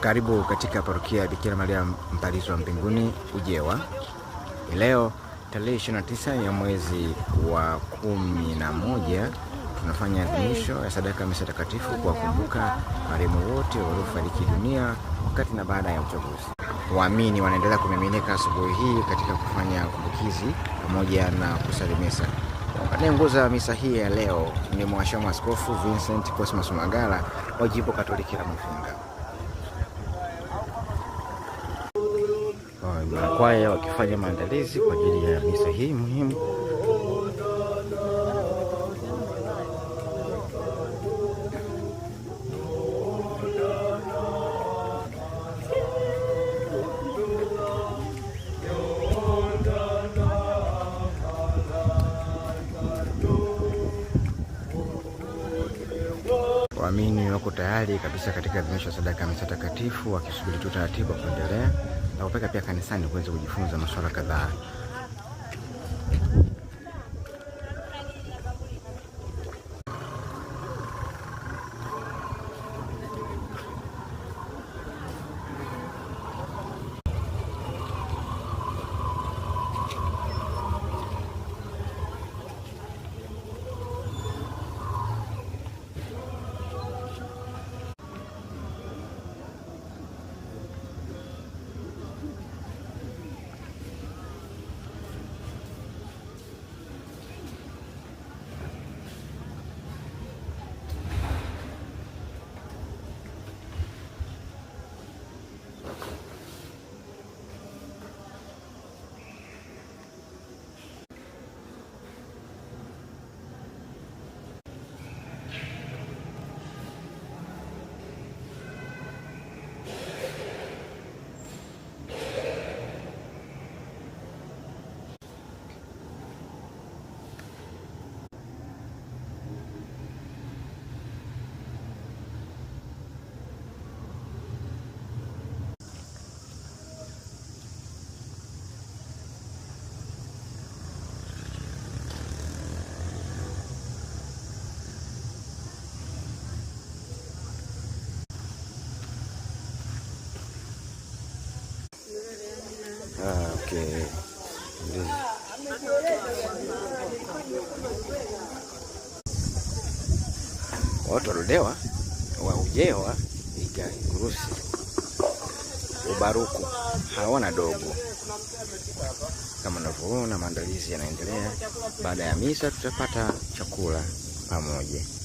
Karibu katika parokia ya Bikira Maria Mpalizwa Mbinguni Ujewa. Leo tarehe 29 ya mwezi wa kumi moja tunafanya adhimisho ya sadaka misa takatifu kuwakumbuka marehemu wote waliofariki dunia wakati na baada ya uchaguzi. Waamini wanaendelea kumiminika asubuhi hii katika kufanya kumbukizi pamoja na kusali misa. Anayeongoza misa hii ya leo ni Mhashamu Askofu Vincent Cosmas Magala wa Jimbo Katoliki la Mafinga. kwaya wakifanya maandalizi kwa ajili ya misa hii muhimu. Waamini wako tayari kabisa katika adhimisho ya sadaka ya misa takatifu, wakisubiri tu taratibu wa kuendelea na kupeka pia kanisani kuweza kujifunza masuala kadhaa. Ah, okay. Watu walolewa waujewa igagurusi ubaruku hawana dogo. Kama unavyoona, maandalizi yanaendelea. Baada ya misa tutapata chakula pamoja.